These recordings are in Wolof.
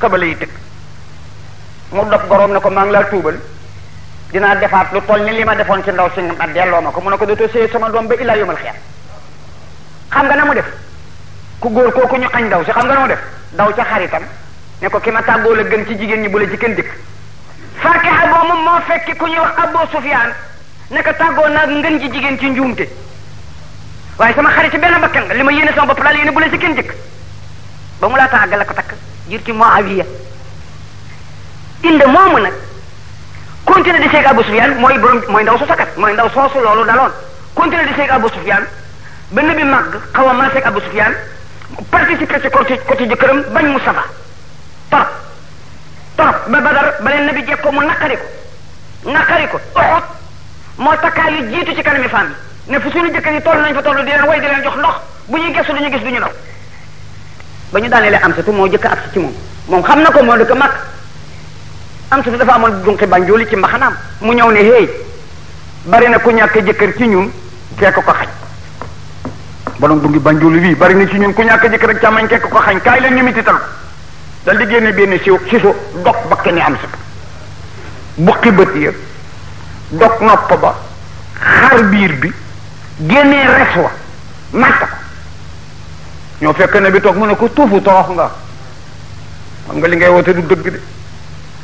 këbale yi tëkk mu dog goroom ne ko maa laa tuubal dinaa defaat lu toll ni li ma defoon ci ndaw si nga delloo ma ko mu na ko dootoo sëy sama doom ba illaa yomal xeer xam nga na mu def ku góor kooku ñu xañ ndaw si xam nga na mu def daw ca xaritam ne ko ki ma tàggoo la gën ci jigéen ñi bu la ci kenn dikk fakiha boobu moo fekki ku ñuy wax Abu Sufyaan ne ko tàggoo naa ngën ci jigéen ci njuumte waaye sama xarit ci benn bakkan nga li ma yéene sama bopp laa la bu la ci kenn dikk laa tàggal la ko takk ngir ci Muawiya inde moomu nag continuer di seeg Abu Sufyaan mooy borom mooy ndaw su sakat mooy ndaw soosu loolu daloon continuer di seeg Abu Sufyaan ba nabi màgg xaw a man seeg Abu Sufyaan participer ci côté côté jëkkëram bañ mu saba torop torop ba Badar ba leen nabi jekk ko mu naqari ko naqari ko oxot moo takkaay yu jiitu ci kanami femme yi ne fu suñu jëkkër yi toll nañ fa toll di leen way di leen jox ndox bu ñuy lu duñu gis duñu naw ba ñu daaneele amsatu moo jëkk ak si ci moom moom xam na ko moo dëkk mag amsatu dafa amoon dunqi banjooli ci mbaxanaam mu ñëw ne hey bari na ku ñàkk jëkkër ci ñun kee ko ko xañ borom dungi banjooli bii bari na ci ñun ku ñàkk jëkkër ak càmmañ kee ko ko xañ kaay leen ñu mitital ko dal di génne benn siw siso dog bakke ni amsatu buqi bët ya dog nopp ba xar biir bi génnee res wa màtt ñoo fekk na bi toog mu ne ko tuufu torox nga xam nga li ngay woote du dëgg de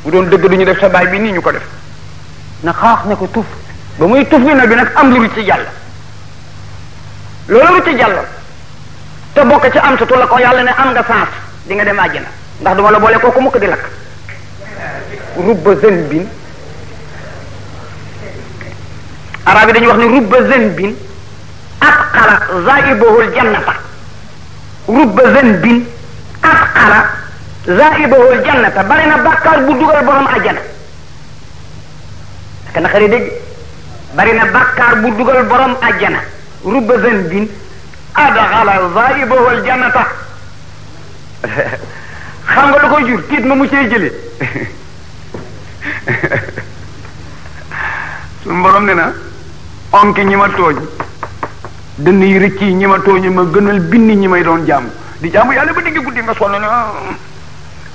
bu doon dëgg duñu def sa baay bi nii ñu ko def na xaax ne ko tuuf ba muy tuuf na bi nag am lu ci jàll loolu lu ci jàll te ci am sa tu la ko yàlla ne am nga sens di nga dem àjjana ndax duma la boole kooku mukk di lakk rubba zen bin arab yi dañuy wax ne rubba zen bin ab xala zaibohul jannata rubba zanbin asqala zaibahu aljannata bari na bàkkaar bu dugal borom ajjana ak na xëri dégg bari na bu dugal borom ajjana rubba zanbin adxala zaibahu aljannata xam nga lu koy jur tiit ma mu cee jëlee suñu borom ne na onki ñi ma tooñ dënn yi rëcc yi ñi ma tooñu ma gënal bind ñi may doon jàmm di jàmm yàlla ba digg guddi nga sonn na ak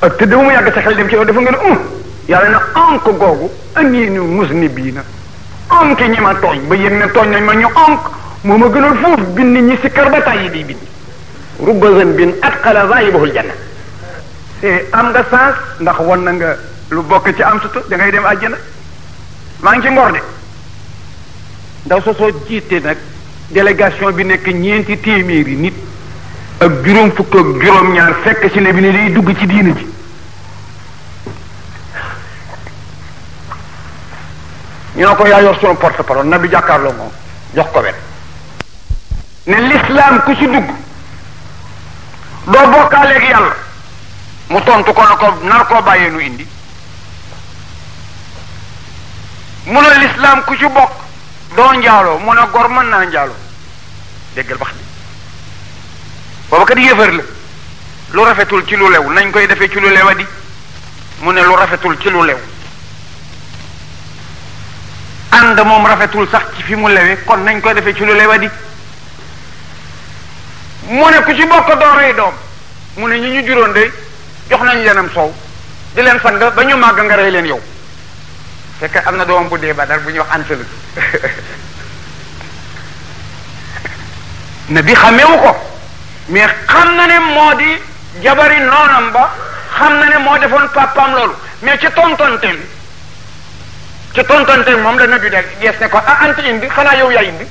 ah, tëdd ba mu yàgg sa xel dem ci yow dafa nga ne um yàlla na onk googu an yéen mus ni bii na onk ñi ma ba yéen ne tooñ nañ ma ñu onk moo ma gënal foofu bind ñi si ba tàyyi di bind rubbazan bin atqala zaayibahul janna te am nga sens ndax won na nga lu bokk ci am sutu da ngay dem àjjana maa ngi ci ngor de ndaw sosoo jiite nag délégation bi nekk ñeenti téeméeri nit ak juróom fukk ak juróom-ñaar fekk ci ne bi ne day dugg ci diina ji ñu ne ko yaa yor sunu porte parole na bi jàkkaarloo moom jox ko wet ne lislaam ku ci dugg doo bokkaaleeg yàlla mu tontu ko na ko nar koo bàyyee nu indi mu ne lislaam ku ci bokk doo njaaloo mun a gor mën naa njaaloo déggal bax bi booba kat yëfër la lu rafetul ci lu lew nañ koy defee ci lu lewa di mu ne lu rafetul ci lu lew ànd moom rafetul sax ci fi mu lewee kon nañ koy defee ci lu lewa di mu ne ku ci bokk doo rey doom mu ne ñu ñu juróon de jox nañ leenam soow di leen sang ba ñu màgg nga rey leen yow fekk am na doomam bu dee badar bu ñuy wax ansalut na bi xamewu ko mais xam na ne moo di jabari noonam ba xam na ne moo defoon papaam loolu mais ci tontonteen ci tontonteen moom la nabi de gees ne ko ah ant indi xanaa yow yaa indi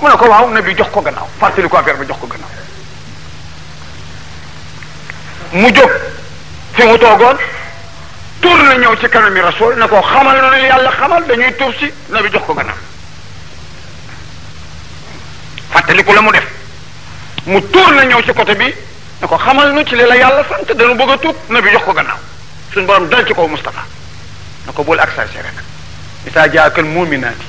mu ne ko waaw nabi jox ko gannaaw fàttali ko affaire ba jox ko gannaaw mu jóg fi mu toogoon tuur na ñëw ci kanami rasul na ko xamal na yàlla xamal dañuy tuur si na bi jox ko gannaaw fàttaliku la mu def mu tuur na ñëw ci côté bi na ko xamal nu ci li la yàlla sant dañu bëgg a tuub na bi jox ko gannaaw suñu borom dal ci mu Moustapha na ko bul ak saa si rek isaa jaakal muuminaati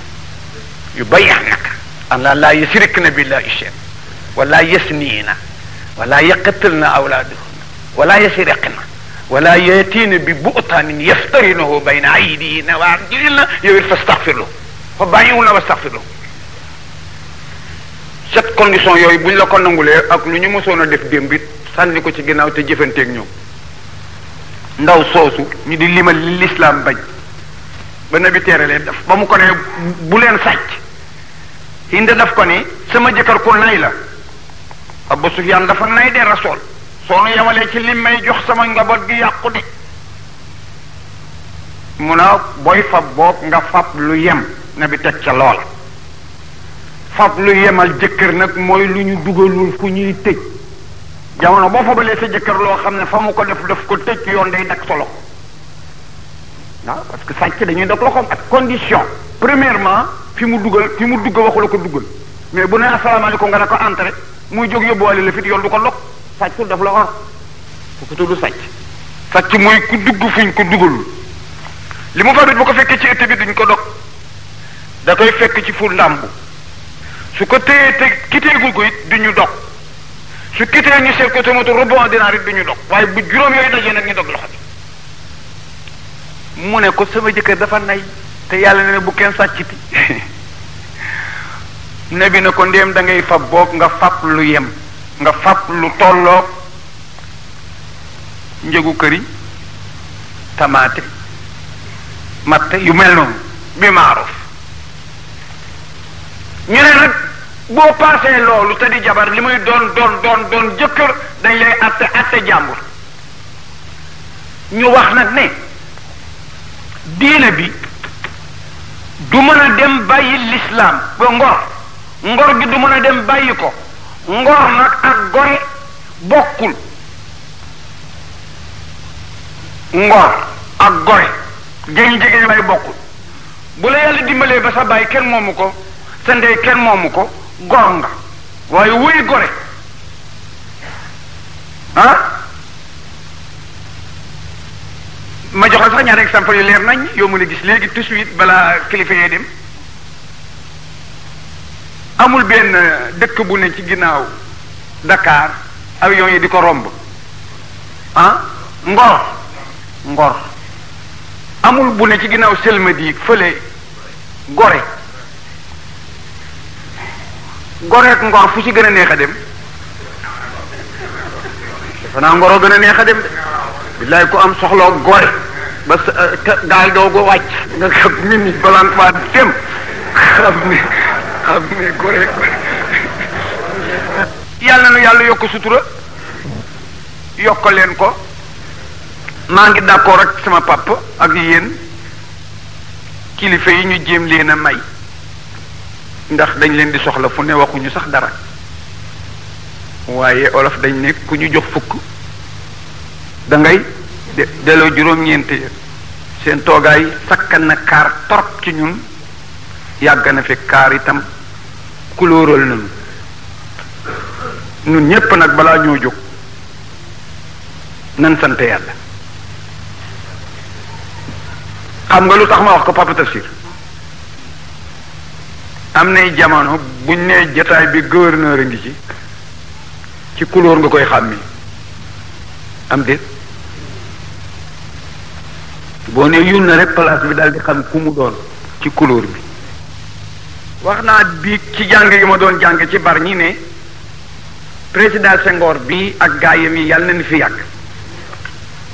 yu bayyanaka an laa laa yusrikna billahi shay'an wala yasniina wala yaqtulna awlaadahunna wala yasriqna wala yeetiina bi bu'taanin yaftarinahu bayna aydiina wa arjulihinna yow it fastaxfir lahu fa bàyyiwul wastaxfir lahu cette condition yooyu buñ la ko nangulee ak lu ñu mësoon a def démb sànni ko ci ginnaaw te jëfanteeg ñoom ndaw soosu ñu di limal li lislaam bañ ba nabi teere leen daf ba mu ko ne bu leen sàcc Hinda daf ko ni sama jëkkër ku nay la Abu Sufyaan dafa nay de rasool soo nu yemalee ci lim may jox sama njaboot gi yàqu de mun a booy fab boog nga fab lu yem na bi teg ca loola fab lu yemal jëkkër nag mooy lu ñu dugalul fu ñuy tëj jamono boo fabalee sa jëkkër loo xam ne fa mu ko def daf ko tëj yoon day dak solo waaw parce que sàcc dañuy dog loxoom ak condition premièrement fi mu dugal fi mu dugg waxu la ko duggal mais bu ne asalaamaaleykum nga ne ko entré muy jóg yóbbuwaale la fit yoon du ko dog sàccul daf la or ku ko tudd sàcc sàcc mooy ku dugg fuñ ko dugalul li mu faru bu ko fekkee ci ëtt bi duñ ko dog da koy fekk ci fu làmb su ko téyee te kiteegul ko it duñu dog su kitee ñu seet ko te moto rebond dinaar it duñu dog bu juróom yooyu dajee nag ñu dog loxo mu ne ko sama jëkkër dafa nay te yàlla ne bu kenn sàcciti ne bi ne ko ndéem da ngay fab boog nga fab lu yem nga fab lu tolloog njëgu këri tamaate matte yu mel noonu bi maaruf ñu ne nag boo paasee loolu te di jabar li muy doon doon doon doon jëkkër dañ lay atte atte jàmbur ñu wax nag ne diine bi du mën a dem bàyyi lislaam ba ngor ngor gi du mën a dem bàyyi ko ngor nag ak gore bokkul ngor ak gore jëñ jege waaye bokkul bu la yàlla dimbalee ba sa baay kenn moomu ko sa ndey kenn moomu ko gor nga waaye wuy gore ah ma joxe sax ñaar exemple yu leer nañ yoo mën a gis léegi tout de balaa kilifa yee dem amul benn dëkk bu ne ci ginnaaw Dakar avion yi di ko romb ah Ngor Ngor amul bu ne ci ginnaaw Selmadi fële Gore Gore ak Ngor fu ci gën a neex a dem defe naa Ngoroo gën a neex a dem de billaay ku am soxla Gore ba daal doo ko wàcc nga xam nit ñi balaa dem xam ni amiin gore yàlla na yàlla yokk sutura yokk leen ko maa ngi d'accord ak sama papa ak yéen kilifa yi ñu jéem leen a may ndax dañ leen di soxla fu ne waxuñu sax dara waaye olof dañ ne ku ñu jox fukk da ngay de delloo juróom-ñeent seen toogaay sakkan kaar torop ci ñun yàgg na fi kaar itam kulóoral nañu ñun ñépp nag balaa ñoo jóg nan sant yàlla xam nga lu tax ma wax ko papa tafsir am nay jamono buñ nee jataay bi gouverneur a ngi ci ci couleur nga koy xàmmi am déet boo ne yun na rek place bi daal di xam ku mu doon ci couleur bi wax naa bi ci jàng yi ma doon jàng ci bar ñi ne président Senghor bi ak gaayam yi yàlla nañu fi yàgg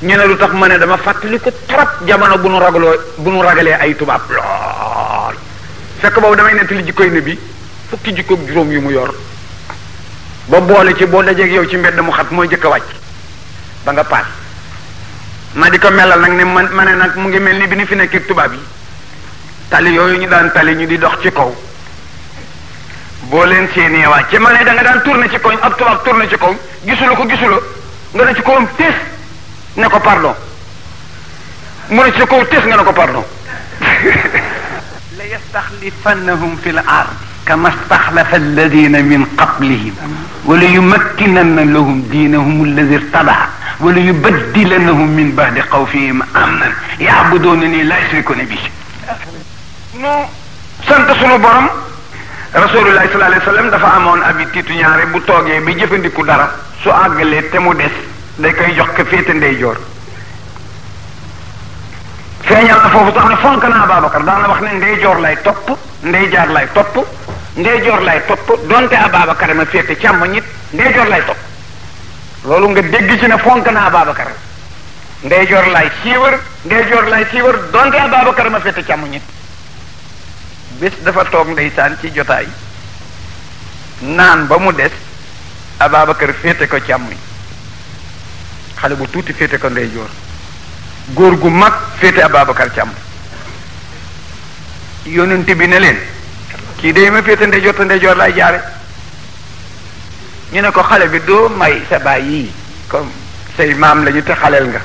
ñu ne lu tax ma ne dama fàttali ko trop jamono bu nu ragaloo bu nu ragalee ay tubaab lool fekk boobu damay nettali jikkoy ne bi fukki jikko juróom yi mu yor ba boole ci boo dajeeg yow ci mbedd mu xat mooy jëkk a wàcc ba nga paas ma di ko melal nag ne man ma ne nag mu ngi mel ni bi ni fi nekk tubaab yi tali yooyu ñu daan tali ñu di dox ci kaw boo leen séenee wàcce ma ne da nga daan tourné ci koñ ab tubaab tourné ci koñ gisula ko gisula nga ne ci kawam tes ne ko pardon mu ne ci kaw tes nga ne ko pardon la yastaxlifannahum fi l ard kama staxlafa alladina min qablihim wala yumakkinanna lahum diinahum alladi irtadaa wala yubaddilannahum min ba'di xawfihim amnan yaabuduunani la yushrikuna bi nu sant sunu borom rasulullah sallallahu alayhi wa dafa amoon habitude ñaare bu toogee bi jëfandiku dara su àggalee te mu des day koy jox ko féete ndeyjoor feeñal na foofu sax ne fonk naa Ababacar daan na wax ne ndeyjoor lay topp ndeyjaar lay topp ndeyjoor lay topp ma féete càmmoñ it ndeyjoor lay topp loolu nga dégg ci ne fonk naa Ababacar ndeyjoor lay siiwar ndeyjoor lay siiwar donte Ababacar ma féete càmmoñ it bés dafa toog ndeysaan ci jotaay naan ba mu des Ababacar féete ko càmmoñ xale bu tuuti féete ko ndeyjoor góor gu mag féete Ababacar càmmoñ yonent bi ne leen kii day ma féete ndeyjoor te ndeyjoor laay jaare ñu ne ko xale bi doo may sa baay comme say maam lañu te xaleel nga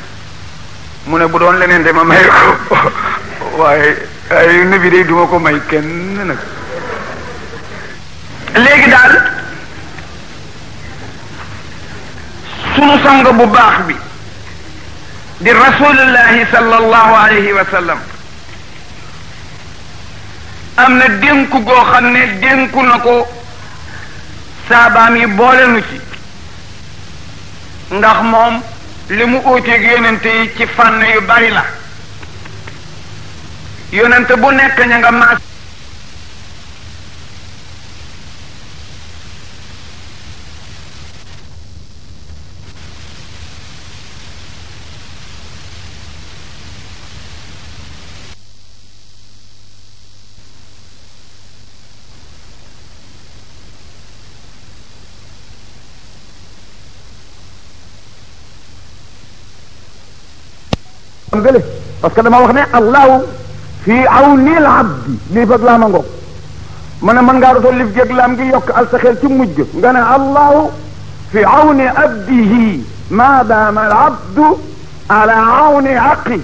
mu ne bu doon leneen de ma may ko waaye ay nabi day duma ko may kenn nag léegi daal sunu sang bu baax bi di rasulullahi sallallahu alayhi wa am na dénku goo xam dénku na ko saabaam yi boole nu ci ndax moom li mu uuteeg yonente yi ci fànn yu bari la yonent bu nekk ña nga maas parce que dama wax fii awnil abdi lii fag laama ngoog ma ne mën ngaa dootoo lif géeg laam gi yokk al sa xel ci mujj nga ne allahu fi awni abdihi ma daama al abdu ala awni aqi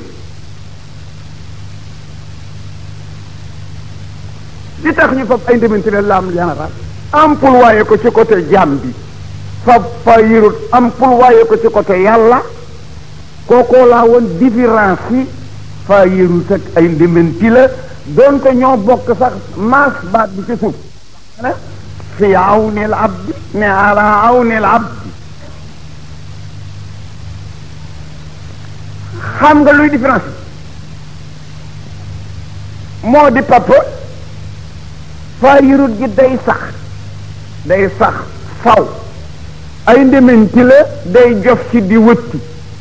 li tax ñu fab ay ndemantile laam général employé ko ci côté jaam bi fab fa yirut employé ko ci côté yàlla kookoo laa woon différence yi faayirut ak ay ndimbanti la doonte ñoo bokk sax maas baat bi ci suuf fi awnil abdi ne ala awnil abdi xam nga luy différence bi moo di papa faayirut gi day sax day sax faw ay ndimbanti la day jof ci di wëtti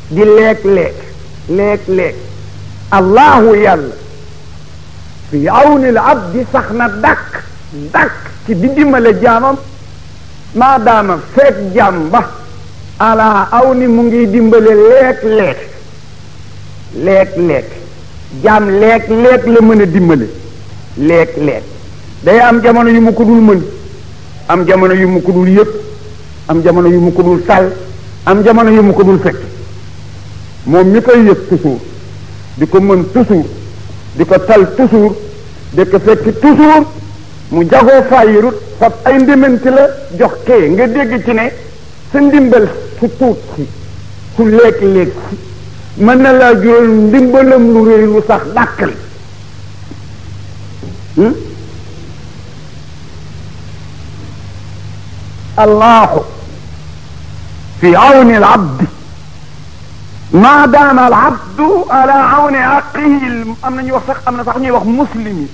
di leeg leeg leeg leeg allahu yàlla fi awnil abdi sax na dàkk dàkk ci di dimbale jaamam maadaama feek jaam ba ala aw ni mu ngi dimbale leeg-leeg leeg-leeg jaam leeg-leeg la mën a dimbale leeg-leeg day am jamono yu mu ko dul mën am jamono yu mu ko dul yëpp am jamono yu mu ko dul sal am jamono yu mu ko dul fekk moom mi koy yëg toujours di ko mën toujours di ko tal toujours di ko fekk toujours mu jagoo faayirut fab ay ndimbanti la jox kee nga dégg ci ne sa ndimbal su si su léeg-léeg mën na laa jural ndimbalam lu réy lu sax dàkkal hmm? allahu fi awni al abdi ma daama al abdu ala awni aqiil am na ñuy wax sax am na sax ñuy wax muslim yi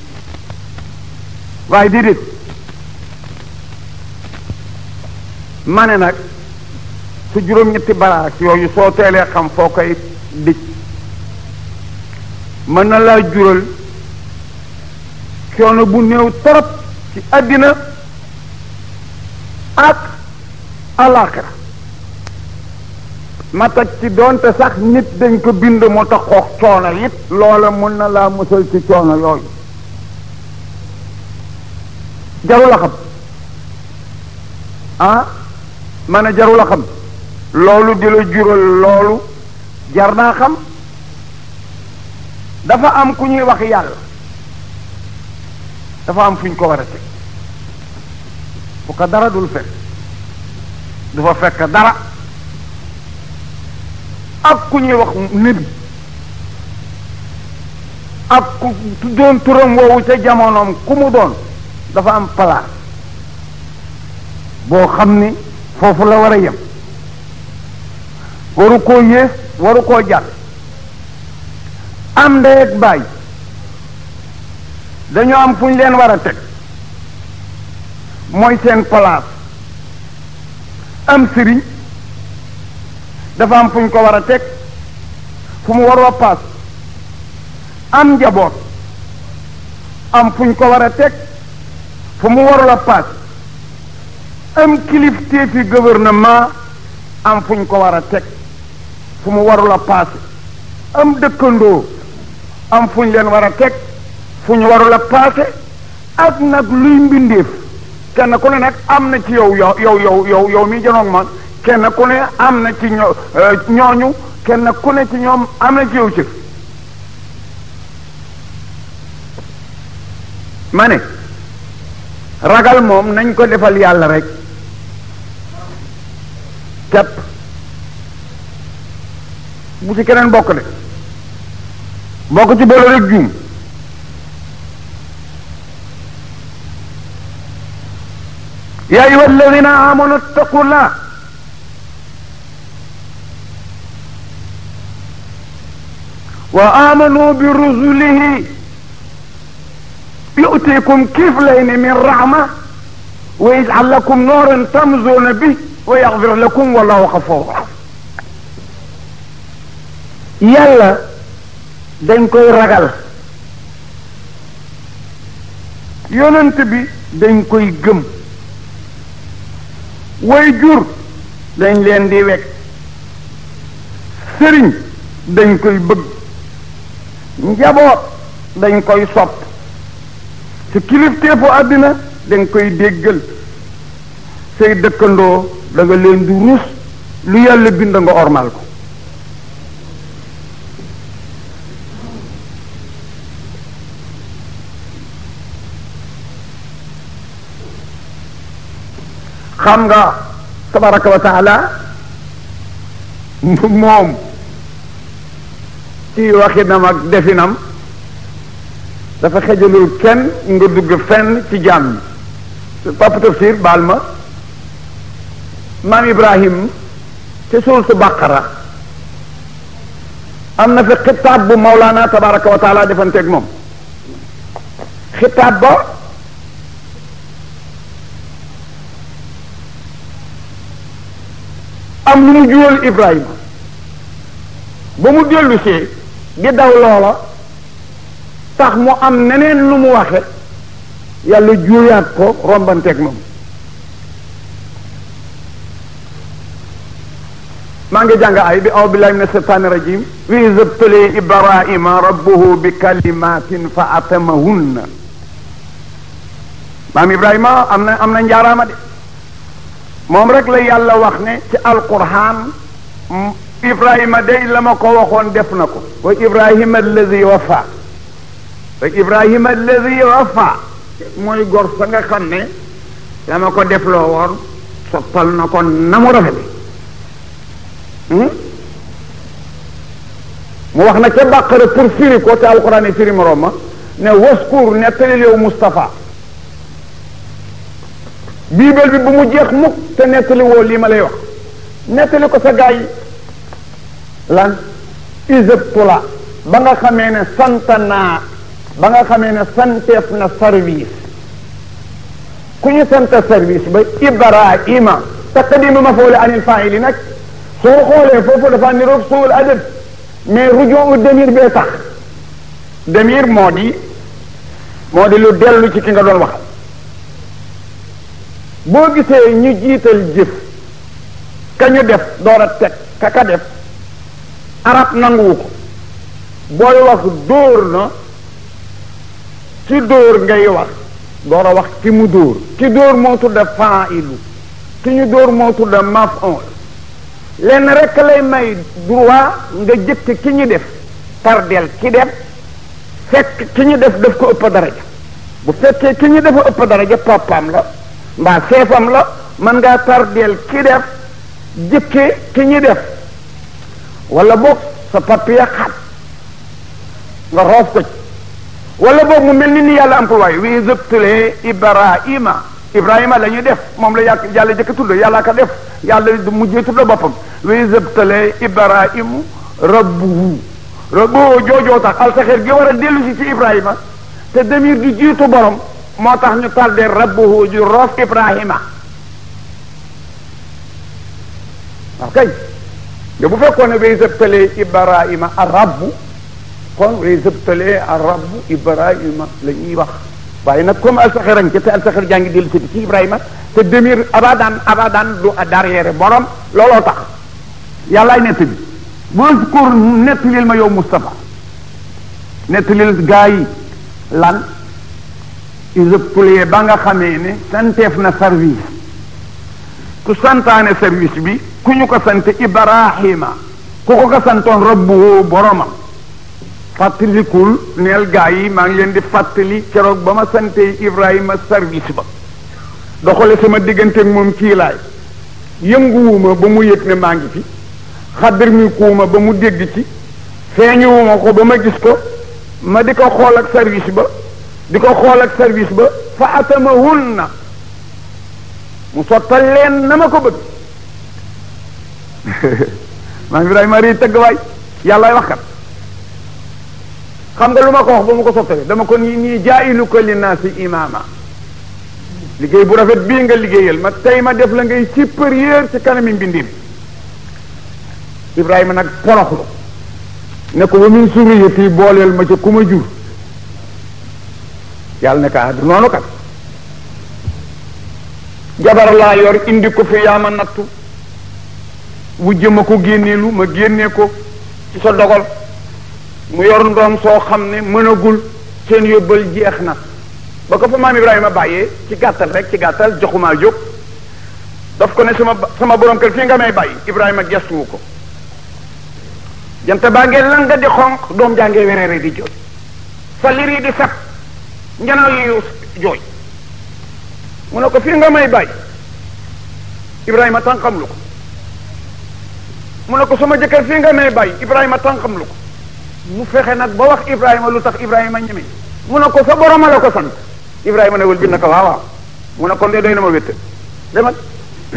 waaye déedéet ma ne nag su juróom-ñetti baraak yooyu soo teelee xam foo koy dij mën na laa jural coono bu néew torop ci àddina ak alaaxira ma toj ci doonte sax nit dañ ko bind mu taxoog coono it loola mën na laa musal ci coono yooyu jarul a xam ah ma ne jarul a xam loolu di la jural loolu jar naa xam dafa am ku ñuy wax yàlla dafa am fu ñu ko war a teg fu ko dara dul fekk du fa fekk dara ak ku ñuy wax nit ak ku tuddoon turam woowu ca jamonoom ku mu doon dafa am palaas boo xam ni foofu la war a yem waru koo yées waru koo jàll am ndey ak baay dañoo am fu ñu leen war a teg mooy seen palaas am sëriñ dafa am fuñ ko war a teg fu mu waroo paas am njaboot am fu ko war a teg fu mu war a paas am kilifteefi gouvernement am fuñ ko war a teg fu mu warul a paas am dëkkandoo am fu leen war a teg fuñ ñu warul a paase ak nag luy mbindeef kenn ku ne nag am na ci yow yow yow yow yow yow mi janoog man kenn ku ne am na ci ñoo euh, ñooñu kenn ku ne ci ñoom am na ci yow cër ma ne ragal moom nañ ko defal yàlla rek capp bu ci keneen bokk de boo ci boole rek juum yaa ayyuha alladina amanu taqullaha wa amanu bi rusulihi yu'tikum kiflayni min rahma wa yaj'al lakum nuran tamshuna bihi wa yaghfir lakum wallahu ghafur yàlla dañ koy ragal yonent bi dañ koy gëm way jur dañ leen di wekk sëriñ dañ koy bëgg njaboot dañ koy sopp sa kilifteefu àddina dañ koy déggal say dëkkandoo da nga leen du rus lu yàlla bind ormal ko xam nga tabaraka wa moom ci waxinam ak definam dafa xejalul kenn nga dugg fenn ci jàmm yi tafsir baal ma maam ibrahim ci suul su bàqara am na fi xitaab bu maulana tabaraka wa taala defanteeg moom xitaab ba am lu mu juwal ibrahima ba mu dellu see di daw loola tax mu am neneen lu mu waxe yàlla juuyaat ko rombanteeg moom maa ngi jàng ay bi aw billahi min asheytaani rajim wi zabtali ibrahima rabbuhu bi kalimatin fa atamahunna maam ibrahima am na am moom rek la yàlla wax ne ci alquran ibrahima day la ma ko waxoon def na ko wa ibrahima allazi wafa wa ibrahima allazi wafa mooy gor sa nga xam la ma ko defloo woon soppal na ko na mu rafete hmm? mu wax na ca bàqara pour firi ko te alquran yi firi morom ma ne waskur nettalil yow Moustapha biibel bi bu mu jeex mukk te nettali woo lii ma lay wax nettali ko sa gaay lan isepula ba nga xamee ne sant ba nga xamee ne santeef na service ku ñu sant service ba ma ibrahima taqdimu mafoole anil faili nag soo xoolee foofu dafa niroog suul adab mais rujoo u demir bee tax demir moo di moo di lu dellu ci ki nga doon wax boo gisee ñu jiital jëf ka ñu def door a teg ka ka def arab nanguwu ko booy wax dóor na ci dóor ngay wax door a wax ki mu dóor ki dóor moo tudda fa'ilu ki ñu dóor moo tudda maf'ul lenn rek lay may droit nga jëkk ki ñu def tardeel ki def fekk ki ñu def daf ko ëpp daraja bu fekkee ki ñu dafa ëpp daraja papaam la mbaa seefam la mën ngaa tardeel ki def jëkke ki ñu def wala boog sa papier xat nga roof ko ci wala mu mel ni ni yàlla employé wi zëptale ibrahima ibrahima la ñuy def moom la yàq yàlla jëkk tudd yàllaa ko def yàlla du mujjee tudd boppam wi zëptale ibrahimu rabbuhu rabbuhu joojoo tax alsaxeer gi war a dellu si ci ibrahima te demir du jiitu borom moo tax ñu tardé rabbuhu ju roof ibrahima waaw nga bu fekkoon ne bay sëbtalee ibrahima arabu kon bay sëbtalee arabu ibrahima la ñuy wax waaye nag comme alsaxir a ngi ca te alsaxir jaa ngi dellu ci ibrahima te demir abadan abadan du derrière borom looloo tax yàllaay nett bi waskur nettalil ma yow Moustapha nettalil gaa yi lan isëptalee ba nga xamee ne santeef na service ku santaane service bi ku ñu ko sant Ibrahima ku ko ko santoon rabbuhu boromam fàttalikul neel gaa yi maa ngi leen di fàttali keroog ba ma sante Ibrahima service ba doxale sama diggante digganteeg moom kii laay yënguwuma ba mu yëg ne maa ngi fi xaddar ba mu dégg ci feeñuwuma ko ba ma gis ko ma di ko xool ak service ba di ko xool ak service ba fa atamahunna mu sottal leen na ma ko bëgg maam Ibrahima rëy tëgg waay yàllaay wax kat xam nga lu ma ko wax ba mu ko sottale dama ko nii nii jaayiluka linnaasi imaama liggéey bu rafet bii nga liggéeyal ma tey ma def la ngay supérieur ci kanami mbindim Ibrahima nag poroxlu ne ko ba min suriyati booleel ma ca ku ma jur yàlla ne ka ah, du kat jabar laa yor indi ko fi yaa nattu wujj ma ko génneelu ma génnee ko ci sa dogal mu yor ndoom soo xam ne mënagul seen yóbbal jeex na ba ko fa maam Ibrahima bàyyee ci gàttal rek ci gàttal joxumaa jóg daf ko ne sama sama borom kër fii nga may bàyyi Ibrahima gestuwu ko jant baa ngee lan di xonq doom jàngee wereere di jooy sa lir yi di sat njanaaw yu jooy mu ne ko fii nga may bàyyi Ibrahima tànqamlu ko mu ne ko ma jëkkër fii nga may bàyyi Ibrahima tànqam lu ko mu fexe nag ba wax Ibrahima lu tax Ibrahima ñeme mu ne ko sa borom ko sant Ibrahima ne wël bi ko waaw waaw mu ne kon de doy ma wétt demal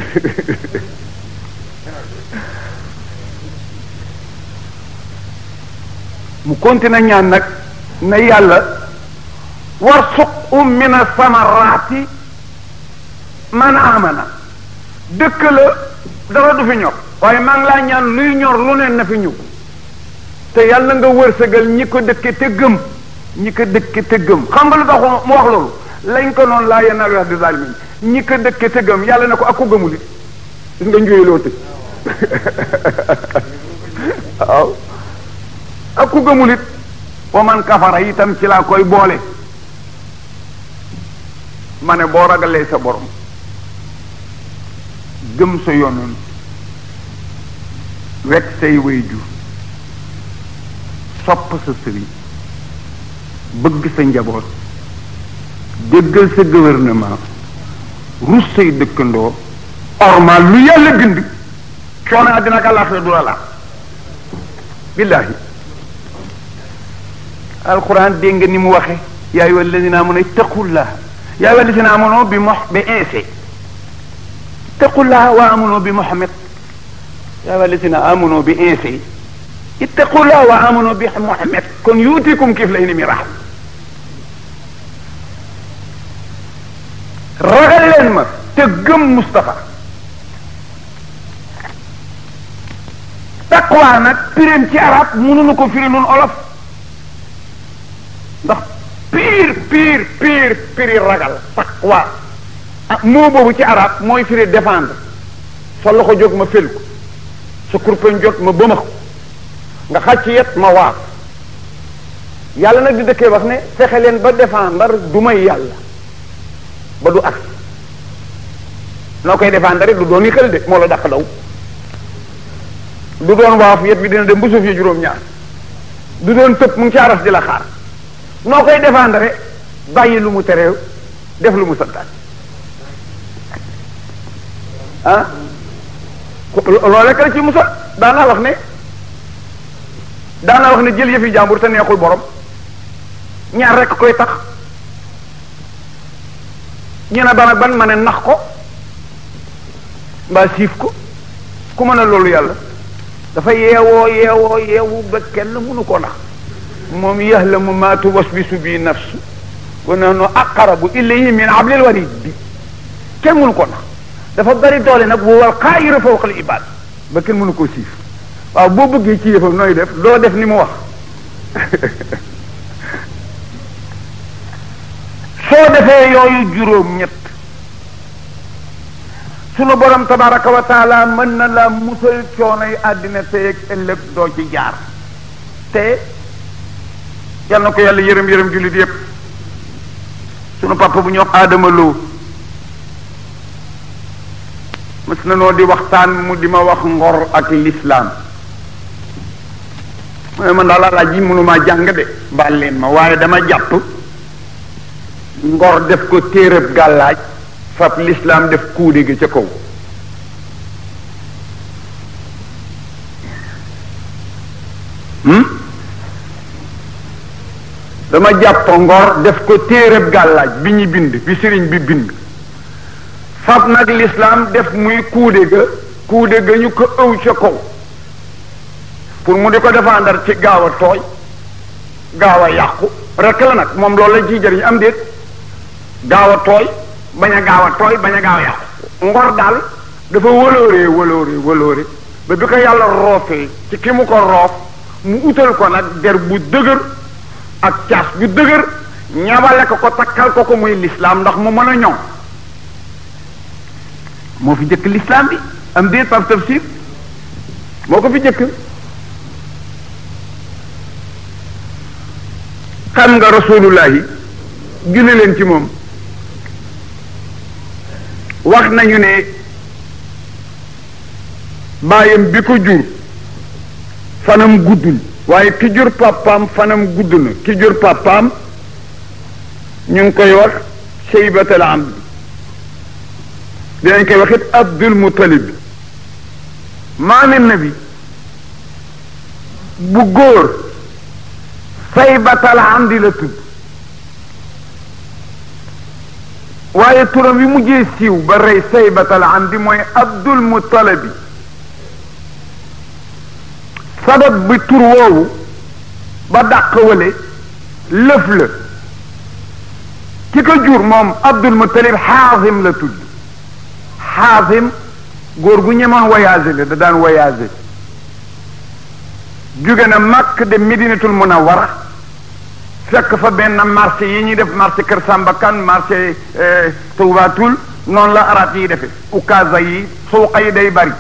mu continue ñaan nag na yàlla warsuqu min asamaraati man amana dëkk la dara du fi ñor waaye maa laa ñaan luy ñor lu ne na fi ñëw te yàlla nga wërsëgal ñi ko dëkke te gëm ñi ko dëkke te gëm xam nga lu tax mu wax loolu lañ ko noonu laa yennaal wax di zalimin ñi ko dëkke te gëm yàlla na ko ak ko gëmul it gis nga njuyeeloo tëj waaw ak ku gëmul it man kafara itam ci laa koy boole ma ne boo ragalee sa borom gëm sa yoon wekk say wayjur sopp sa sëriñ bëgg sa njaboot déggal sa gouvernement rus say dëkkandoo ormal lu yàlla bind coono àddina ak àllaaxira du billaahi alquran dégg nga ni mu waxe yaa ayyuha alladina amanu ittaqullaha yaa ayyuha alladina amanu bi mox bi inse wa amanu bi muhammad yaa ayyuha allazina amanu bi insi ittaqullaha wa amanu bi muhammad kon yuutikum kiflayni min rahma ragal leen ma te gëm Moustapha taqwa nag pireem ci arab mënuñu ko firi olof ndax piir piir piir piri ragal taqwa ah moo boobu ci arab mooy firi défendre fa jog ma fel su kurpeñ jot ma bëma ko nga xàcc yet ma waar yàlla nag di dëkkee wax ne fexe leen ba défendre du may yàlla ba du ak noo koy défendre rek du doon yi xel de moo la dàq daw du doon waaf yet bi dina dem bu suuf yi juróom-ñaar du doon tëb mu ngi ci aras di la xaar noo koy défendre bàyyi lu mu tere def lu mu santaan ah? loolu rek la ci musal daanaa wax ne daanaa wax ne jël yëfi jàmbur te neexul borom ñaar rek koy tax ñu ne ban ak ma ne nax ko mbaa siif ko ku mën a loolu yàlla dafa yeewoo yeewoo yeewu ba kenn mënu ko nax moom yahlamu ma tuwaswisu bi nafsu wa nahnu aqrabu ilayhi min hablil warid bi kenn mënu ko nax dafa bari doole nag bu wal xaayiru fawqal ibaad ba kenn mënu koo siif waaw boo bëggee ci yëfam nooy def doo def ni mu wax soo defee yooyu juróom ñett sunu borom tabaraka wa taala mën na la musal coonoy àddina tey ak ëllëg doo ci jaar te yal na ko yàlla yërëm yërëm jullit yépp sunu papa bu ñu wax aadama loo mës na noo di waxtaan mu di ma wax ngor ak lislaam mu ne ma daal alaaj ji mënumaa jàng de baal ma waaye dama jàpp ngor def ko téerab gàllaaj fab lislaam def kuude gi ca kaw hmm? dama jàpp ngor def ko téerab gàllaaj bi ñu bind bi sëriñ bi bind fab nag lislaam def muy kuude ga kuude ga ñu ko ëw ca kaw pour mu di ko défendre ci gaaw a tooy gaaw a yàqu rek la nag moom loolu la ciy jëriñ am déet gaaw a tooy bañ a gaaw a tooy bañ a gaaw a yàqu ngor daal dafa wëlooree wëlooree wëlooree ba bi ko yàlla roofee ci ki mu ko roof mu utal ko nag der bu dëgër ak caas bu dëgër ñabale ko ko takkal ko ko muy lislaam ndax mu mën a ñoom moo fi jëkk l'islam bi am déet Pape Tafsir moo ko fi jëkk xam nga rasulullahi julli leen ci moom wax nañu ne baayam bi ko jur fanam guddul waaye ki jur papaam fanam gudd na ki jur papaam ñu ngi koy wax seybatal abd dinañ koy waxit abdul muttalib maami nabi bu góor saybatal hamdi la tudd waaye turam wi mujjee siiw ba rey saybatal hamdi mooy abdul muttalibi sabab bi tur woowu ba dàq wale lëf la ki ko jur moom abdul muttalib xaasim la tudd xaasim góor gu ñemoon voyage la da daan voyage jóge na màkk de Medinatul Munawwara fekk fa benn marché yi ñuy def marché Kër Samba Kan marché eh, Toubatul noonu la arab yi defe ukaasa yi suuqa yi day bari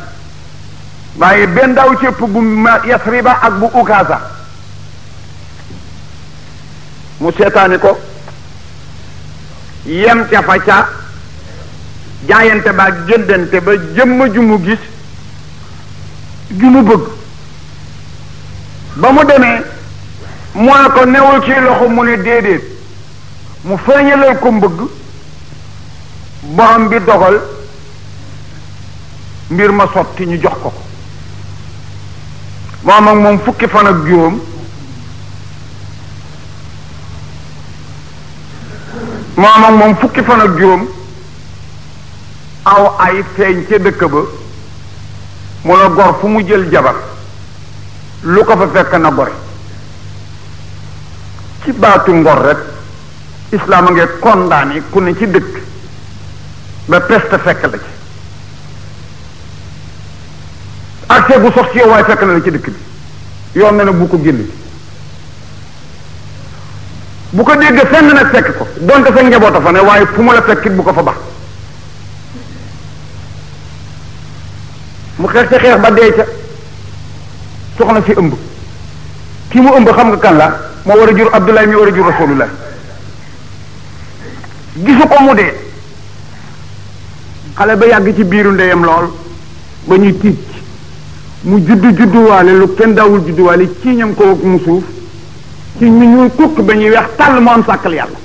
waaye benn daaw cëpp bu Yasriba ak bu ukaasa mu seetaani ko yem fa ca jaayante ba ak jëndante ba jëmm ju mu gis ju mu bëgg ba mu demee mu ko newul ci loxo mu ne déedéet mu feeñalal ko mbëgg borom bi dogal mbir ma sotti ñu jox ko ko moom fukki fan ak juróom moom moom fukki fan ak juróom aw ay feeñ ca dëkk ba mu la gor fu mu jël jabar lu ko fa fekk na gore ci baatu ngor rek islaam a ngi condamné ku ne ci dëkk ba peste fekk la ci accès bu sox ci yow waaye fekk na la ci dëkk bi yoon na bu ko génn bu ko dégg fenn nag fekk ko donte sa njaboota fa ne waaye fu mu la fekkit bu ko fa baax mu xeex ca xeex ba dee ca soxna si ëmb kii mu ëmb xam nga kan la moo war a jur Abdoulaye mi war a jur Rasulullah gisu ko mu dee xale ba yàgg ci biiru ndeyam lool ba ñuy tiit mu juddu judduwaale lu kenn daawul judduwaale ci ñam ko ak mu suuf ci ñu ñuy kukk ba ñuy weex tàll mu am sàkkal yàlla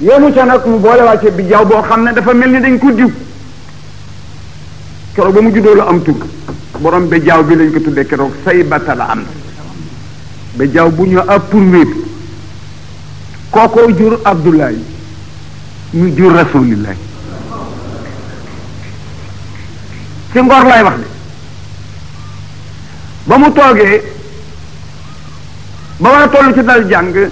yéemu ca nag mu boole wàcce bi jaww boo xam ne dafa mel ni dañ ko diw keroog ba mu juddoo la am tur borom ba bi lañ ko tuddee keroog say bata am ba jaaw bu ñu ab pour wéet kookoo jur Abdoulaye mu jur Rasulillah ci ngor lay wax de ba mu toogee ba war a toll ci dal jàng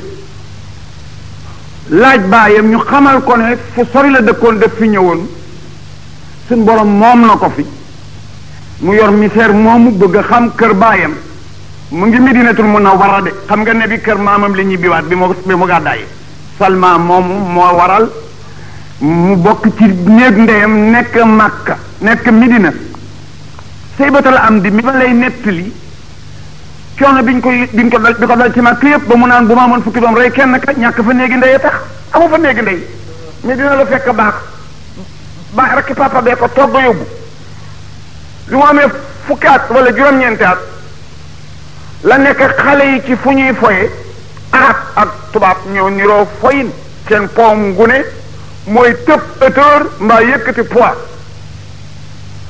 laaj baayam ñu xamal ko ne fu sori la dëkkoon def fi ñëwoon suñ borom moom na ko fi mu yor misère mu bëgg xam kër baayam mu ngi Medinatul Munawwara de xam nga ne bi kër maamam la ñibbiwaat bi mu bi mu gàddaay Salma moomu moo waral mu bokk ci néeg ndeyam nekk Makka nekk Medina saybatal am di mi ma lay nettali coono biñ koy biñ ko dal bi ko dal ci Makka yëpp ba mu naan bu ma amoon fukki doom rey kenn ka ñàkk fa néegi ndey a tax amu fa néegi ndey mais dina la fekk baax ba rakki papa bee ko togg yóbbu lu mu amee fukki at walla juróom-ñeenti at la nekk xale yi ci fu ñuy foye arab ak tubaab ñoo niroo foyin seen poom ngune mooy tëb hauteur mbaa yëkkati poids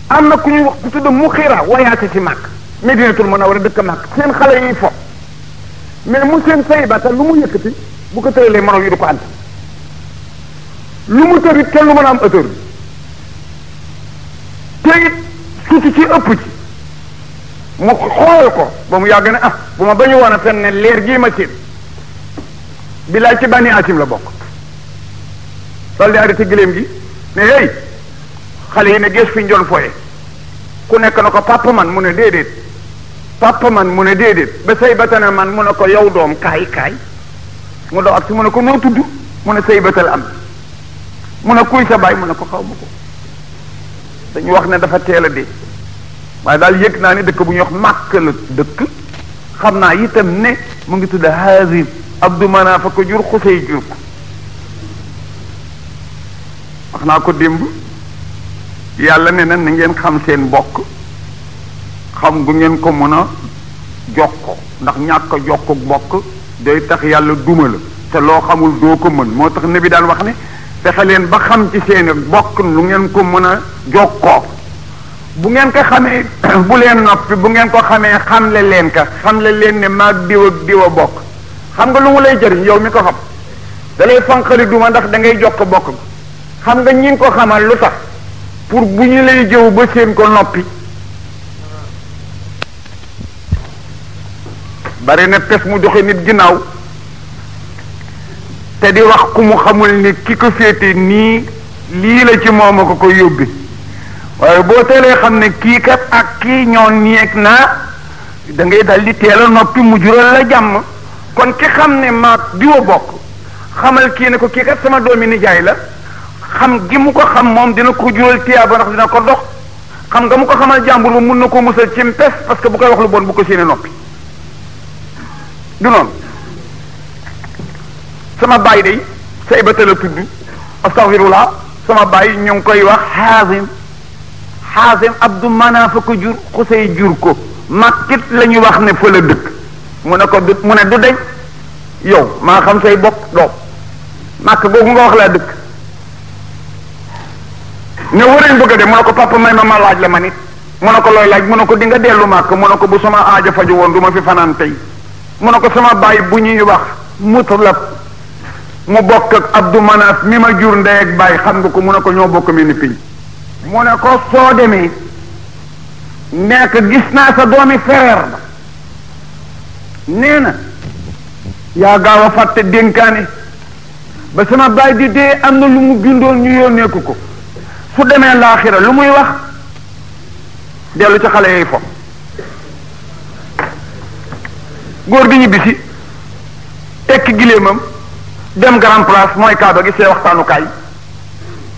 am na ku ñuy wax ku tudd mu muxira wayaate ci màkk medinatul munawwara dëkk màkk seen xale yi fo mais mu seen say ba te lu mu yëkkati bu ko tëralee morom yi du ko ànd lu mu tërit kenn lu mën a am hauteur te it su ci ci ëpp ci mu xool ko ba mu yàgg na ah bu ma bañ woon a fen ne leer gii ma séen bilaay ci bànni asim la bokk dal di arrêté gi ne hey xale yi ne gees fiñ ñu fooye ku nekk na ko papa man mu ne déedéet papa man mu ne déedéet ba say batana man mu ne ko yow doom kaay kaay mu doo ak si mu ne ko noo tudd mu ne say batal am mu ne kuy sa baay mun ne ko xaw ma ko dañu wax ne dafa teel a dee waaye daal yëg naa ne dëkk bu ñuy wax màkk la dëkk xam naa itam ne mu ngi tudd Haazim Abdu Manaaf a ko jur Xusay jur ko wax naa ko démb yàlla ne na na ngeen xam seen mbokk xam gu ngeen ko mën a jox ko ndax ñàkk a jokko mbokk day tax yàlla duma la te loo xamul doo ko mën moo tax nabi daal wax ne fexe leen ba xam ci seeni bokk lu ngeen ko mën a jokkoo bu ngeen ko xamee bu leen noppi bu ngeen ko xamee xamle leen ka la leen ne maag diw ak diw a bokk xam nga lu mu lay jëriñ yow mi ko xam da lay fanqali duma ndax da ngay ko bokk xam nga ñi ko xamal lu tax pour bu ñu lay jëw ba seen ko noppi bari na pes mu joxe nit ginnaaw te di wax ku mu xamul ni ki ko féete nii lii la ci moom a ko ko yóbbi waaye boo teelee xam ne kii kat ak kii ñoo neeg naa da ngay dal di teel a noppi mu jural la jàmm kon ki xam ne maag diwa bokk xamal kii ne ko kii kat sama doomi nijaay la xam gi mu ko xam moom dina ko jural tiyaa ba ndax dina ko dox xam nga mu ko xamal jàmbur ba mun na koo musal ci mpes parce que bu koy wax lu bon bu ko séenee noppi du noonu sama baay day saybata la tudd astaghfirullah sama baay ñu ngi koy wax xaasim xaasim abdu manaf ko jur xusey jur ko màkkit la ñu wax ne fa la dëkk mu ne du mu yow maa xam say bopp doom màkk googu nga wax laa dëkk ne warañ bëgg a mu ne ko papa may ma ma laaj la ma nit mu ne ko looy laaj mu ne ko di nga dellu màkk mu ne ko bu sama aaja faju woon du ma fi fanaan tey mu ne ko sama baay bu ñuy wax mutlab mu bokk ak Abdou Manaf mi ma jur ndey ak bàyyi xam nga ko mu ne ko ñoo bokk mel ni piñ mu ne ko soo demee nekk gis naa sa doomi fereer ba nee na yaa gaaw a fàtte dénkaane ba sama baay di dee am na lu mu bindoon ñu yónneeku ko su demee laaxira lu muy wax dellu ci xale yooyu fo góor gi ñibbisi tekki gileemam dem grand place mooy kaaba gi see waxtaanukaay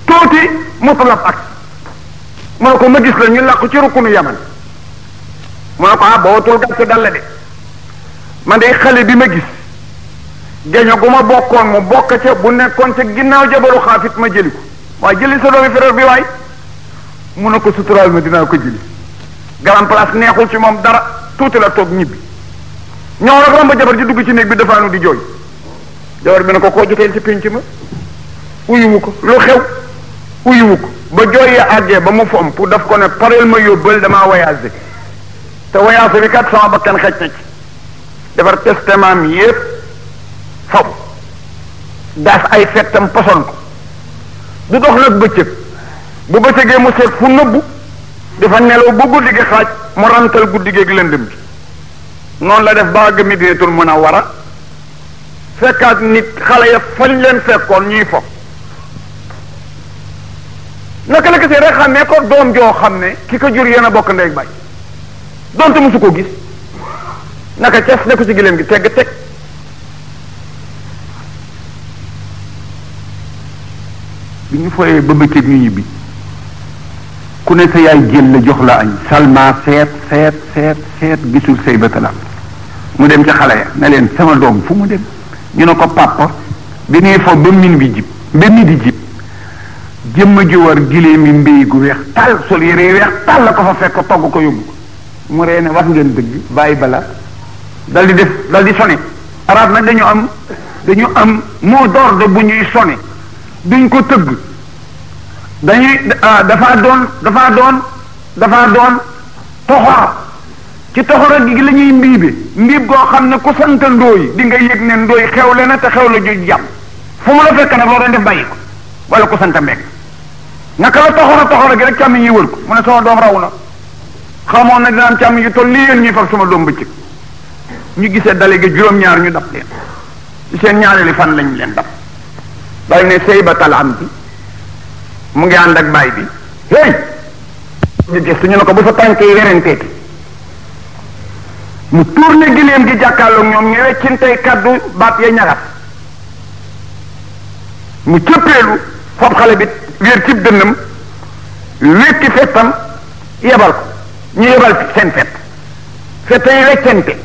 tuuti mu talab ak mu ne ko ma gis la ñu làqu ci rukkunu yaman mu ne ko ah bootul gàcce dal la de man de xale bi ma gis geño gu ma bokkoon mu bokk ca bu nekkoon ca ginnaaw jabaru xaafit ma jëli ko waaye jëli sa doomi frère bi waay mu ne ko suturaal ma dinaa ko jëli grand place neexul ci moom dara tuuti la toog ñibbi ñoo rek romb jabar ji dugg ci néeg bi dafaanu di jooy jawar bi ne ko koo joteel ci pénc ma uyuwu ko lu xew uyuwu ko ba jooy ya àggee ba mu fomp pour daf ko ne pareel ma yóbbal damaa voyagé te voyagé bi kat sama bakkan xaj na ci defar testament mi yépp faw daas ay fettam poson ko du dox nag bëccëg bu bëccëgee mu seet fu nëbbu dafa nelaw ba guddi gi xaaj mu rantal guddi geeg lëndëm bi noonu la def ba mën a Munawwara fekkaat nit xale ya fañ leen fekkoon ñuy fo naka la gisee rek xamee ko doom joo xam ne ki ko jur yéen a bokk ndey bay donte mosu ko gis naka cas ne ko ci gileem gi tegg teg bi ñu foyee ba bëccëg ñu ñibbi ku ne sa yaay jël la jox la añ salma seet seet seet seet gisul say bëtalam mu dem ca xale ya ne leen sama doom fu mu dem ñu ne ko papa bi nee fo ba min bi jib ba mi di jib jëmm ji war gilee mi mbéy gu weex tàll sol yére weex tàll la ko fa fekk togg ko yóbbu ko mu ree wax ngeen dëgg bàyyi bala dal di def dal di sone arab nag dañu am dañu am mot d'ordre bu ñuy sone duñ ko tëgg dañuy ah, dafaa doon dafaa doon dafaa doon toxor ci toxor gi la mbii bi ndib goo xam ne ku sant ndóoy di nga yëg ne ndóoy xewle na te xewle ju jàmm fu mu la fekk nag loo doon def bàyyi ko wala ku sant mbeg naka la toxoro toxoro gi rek càmm yi wër ko mu ne sama doom raw na xamoon na dina am càmm yu toll nii yéen ñuy fab sama doom bëccëg ñu gisee dale gi ñaar ñu dab leen seen fan lañ leen dab ne sëy ba talaam bi mu ngi ànd ak baay bi hey ñu gis ñu ne ko bu sa tànkee werenteeti mu tourné gileem gi jàkkaarloog ñoom ñu weccintey kaddu baat ya ñaxas mu cëppeelu foofu xale bi wér cib dënnam wékki fettam yebal ko ñu yebal seen fett fetta yi weccente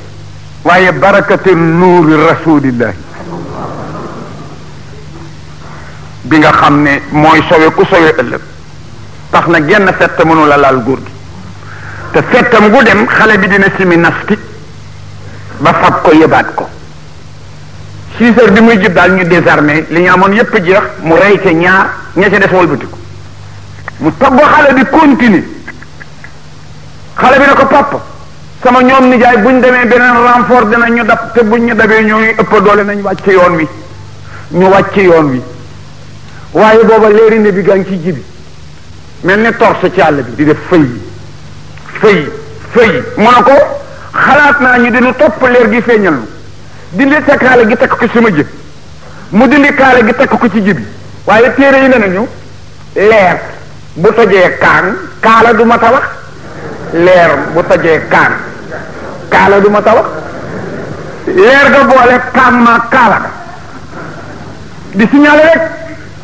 waaye barakate nuuri rasulillahi bi nga xam ne mooy sowe ku sowe ëllëg tax na genn fett mënu la laal góor gi te fettam gu dem xale bi dina simi nasti ba fab ko yëbaat ko six heures bi muy jub daal ñu désarmé li ñu amoon yépp jeex mu rey ca ñaar ña ca des walbatiku mu togg xale bi continue xale bi na ko papa sama ñoom nijaay buñ demee beneen renfort dina ñu dab te buñ ñu dabee ñooñu ëpp doole nañ wàcc yoon wi ñu wàcc yoon wi waaye booba léeri ne bi gaa ngi ci jibi mel ni torse ci àll bi di def fëy fëy fëy mu ne ko xalaat naa ñu dinu topp leer gi feeñal nu dindi sa gi teg ko sama jë mu dindi kaala gi teg ko ci jibi waaye téere yi ne nañu leer bu tojee kaan kaala du ma leer bu tojee kaan kaala du ma leer ga boole kaan maa kaala ga di signalé rek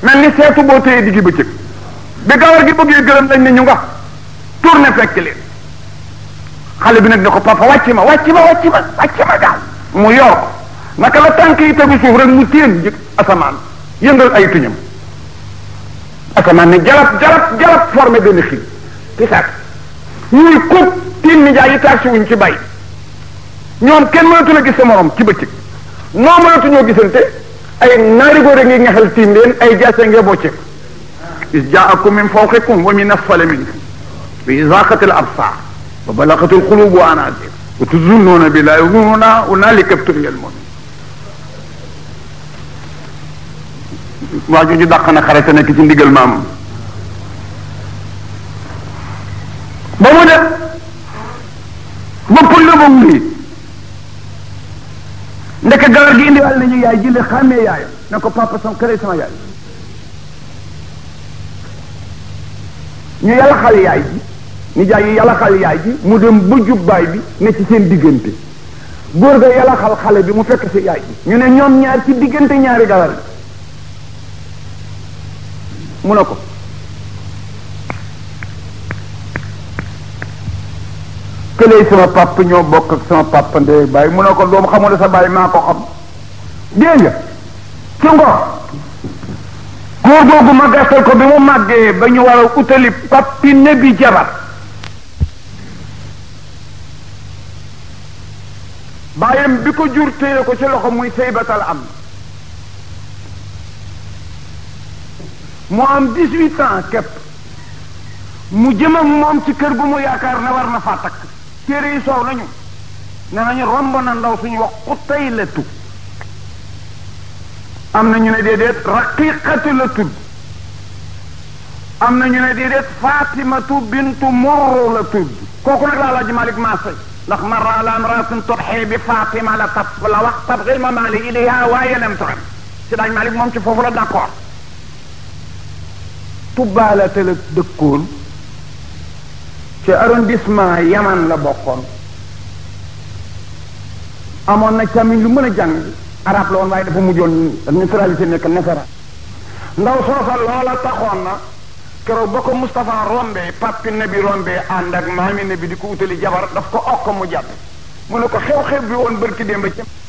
mel ni seetu boo téye diggi bëccëg bi gawar gi bëggee gërëm lañ ne ñu nga tourné fekk leen xale bi nag ne ko papa wàcc ma wàcc ma wàcc ma wàcc ma gaaw mu yor ko naka la tànk yi tegu suuf rek mu téen jëkk asamaan yëngal ay tuñam asamaan ne jalab jalab jalab formé benn xil pisaak ñuy kóob tiin nijaay yi taag si wuñ ci bay ñoom kenn mënatu la gis sa morom ci bëccëg noo mënatu ñoo gisante ay naari góor a ngi ñaxal tiim leen ay jaase ngee bocceeku is jaakum min fawqikum wa min asfala minkum bi isaaqatil absaar wa balagatul qulubu anaasir wa tuzunnuuna billaahi zunnunaa hunaalika ibtuliyal mu'min wax jooju dàq na xare te nekk ci ndigal maamam ba mu def ba pël ba mu nii ndeke gawar gi indiwaale nañu yaay jële xàmmee yaayam na ko papa sama këree sama yaay ñu yàlla xale yaay ji nijaay yi yàlla xal yaay ji mu dem ba jubbaay bi ne ci seen diggante góor ga yàlla xale bi mu fekk si yaay ji ñu ne ñoom ñaar ci diggante ñaari galar bi mu ne ko këlay sama pàpp ñoo bokk ak sama pàpp ndee bàyyi mu ne ko doom xamoo ne sa bàyyi maa ko xam dégg nga ngor góor googu ma gastal ko bi mu màggee ba ñu war a utali pappi nebi jabar bàyyam bi ko jur téye ko ci loxo muy saybatal am mu am dix-huit ans képp mu jëm ak moom ci kër gu mu yaakaar ne war na faa takk téere yi soow nañu ne nañu romb na ndaw suñu wax xutay am na ñu ne déedéet raqiqatu la tudd am nañu ñu ne déedéet fatimatu bintu morro la tudd kooku nag laa laaj Malick Massay ndax marra ala imraatin tudhi bi Fatima la tab la wax tabghil mamaali ilayha waaye lam tu'am si daañ Malik moom ci foofu la d'accord Touba la tëlëg dëkkoon ci arrondissement Yaman la bokkoon amoon na camin lu mën a jàng arab la woon waaye dafa mujjoon ci nekk nasara ndaw soosa loola taxoon na keroog ba ko Moustapha rombee papi bi rombee ànd ak maami bi di ko utali jabar daf ko okk mu jàpp mu ne ko xew-xew bi woon bërki démb ci